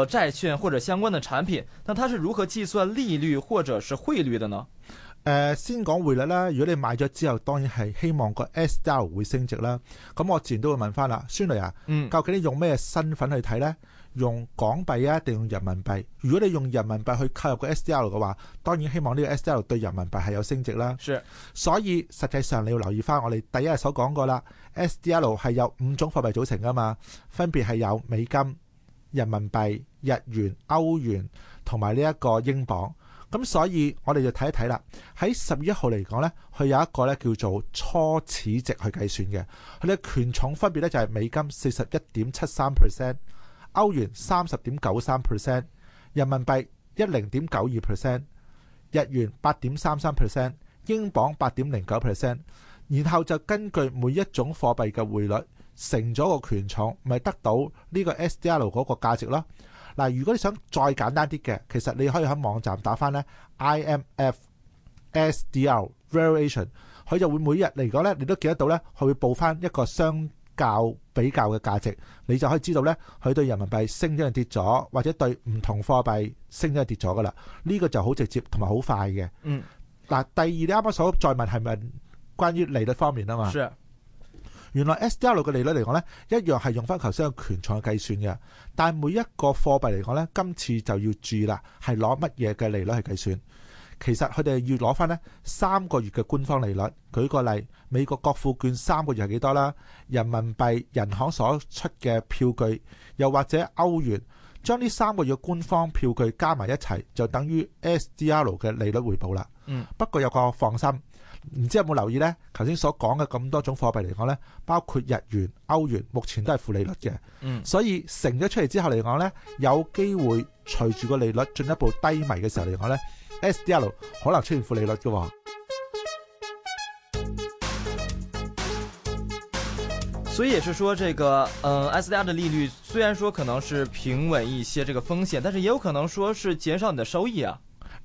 誒，債券或者相關的產品，那它是如何計算利率或者是匯率的呢？誒，先講匯率啦。如果你買咗之後，當然係希望個 S D R 會升值啦。咁我自然都會問翻啦，孫女啊，嗯、究竟你用咩身份去睇呢？用港幣啊，定用人民幣？如果你用人民幣去購入個 S D R 嘅話，當然希望呢個 S D R 對人民幣係有升值啦。是所以實際上你要留意翻，我哋第一日所講過啦，S D R 係有五種貨幣組成噶嘛，分別係有美金、人民幣。日元、歐元同埋呢一個英鎊咁，所以我哋就睇一睇啦。喺十月一號嚟講呢，佢有一個叫做初始值去計算嘅佢嘅權重分別呢,就係美金四十一點七三 percent 歐元三十點九三 percent 人民幣一零點九二 percent 日元八點三三 percent 英鎊八點零九 percent，然後就根據每一種貨幣嘅匯率乘咗個權重，咪得到呢個 SDR 嗰個價值囉。嗱，如果你想再簡單啲嘅，其實你可以喺網站打翻咧 IMF SDR variation，佢就會每日嚟講咧，你都見得到咧，佢會報翻一個相較比較嘅價值，你就可以知道咧，佢對人民幣升咗定跌咗，或者對唔同貨幣升咗定跌咗噶啦。呢個就好直接同埋好快嘅。嗯，嗱，第二你啱啱所再問係咪關於利率方面啊嘛？係啊。原來 SDR 嘅利率嚟講呢一樣係用翻頭先嘅權重去計算嘅。但係每一個貨幣嚟講呢今次就要注意啦，係攞乜嘢嘅利率去計算？其實佢哋要攞翻呢三個月嘅官方利率。舉個例，美國國庫券三個月係幾多啦？人民幣銀行所出嘅票據，又或者歐元，將呢三個月官方票據加埋一齊，就等於 SDR 嘅利率回報啦。 不過有個放心，唔知有冇留意呢？頭先所講嘅咁多種貨幣嚟講咧，包括日元、歐元，目前都係負利率嘅。嗯，所以成咗出嚟之後嚟講呢，有機會隨住個利率進一步低迷嘅時候嚟講呢 SDR 可能出現負利率嘅喎。所以也是說，這個嗯、呃、SDR 的利率雖然說可能是平穩一些，這個風險，但是也有可能說是減少你的收益啊。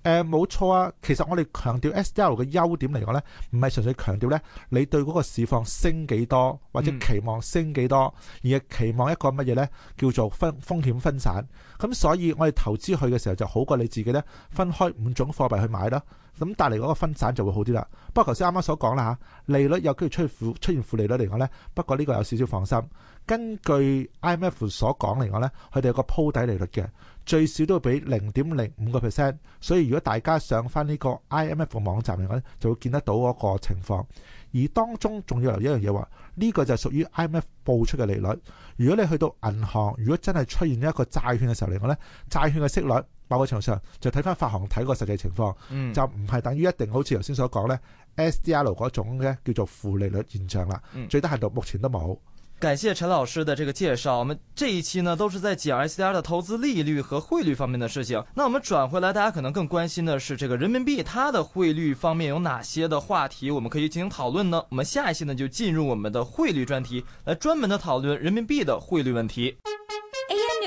誒冇錯啊，其實我哋強調 S D R 嘅優點嚟講呢，唔係純粹強調呢你對嗰個市況升幾多或者期望升幾多，嗯、而係期望一個乜嘢呢，叫做分風險分散。咁所以我哋投資去嘅時候就好過你自己呢，分開五種貨幣去買啦。咁帶嚟嗰個分散就會好啲啦。不過頭先啱啱所講啦吓，利率有機會出負出現負利率嚟講呢。不過呢個有少少放心。根據 IMF 所講嚟講呢，佢哋有個鋪底利率嘅，最少都要俾零點零五個 percent。所以如果大家上翻呢個 IMF 網站嚟講，就會見得到嗰個情況。而當中仲要留意一樣嘢話，呢個就屬於 IMF 報出嘅利率。如果你去到銀行，如果真係出現一個債券嘅時候嚟講呢，債券嘅息率。包括市場上就睇翻發行，睇個實際情況，嗯、就唔係等於一定好似頭先所講呢 SDR 嗰種嘅叫做負利率現象啦，嗯、最低限度目前都冇。感謝陳老師的這個介紹，我們這一期呢都是在講 SDR 的投資利率和匯率方面的事情。那我們轉回來，大家可能更關心的是這個人民幣它的匯率方面有哪些的話題，我們可以進行討論呢？我們下一期呢就進入我們的匯率專題，來專門的討論人民幣的匯率問題。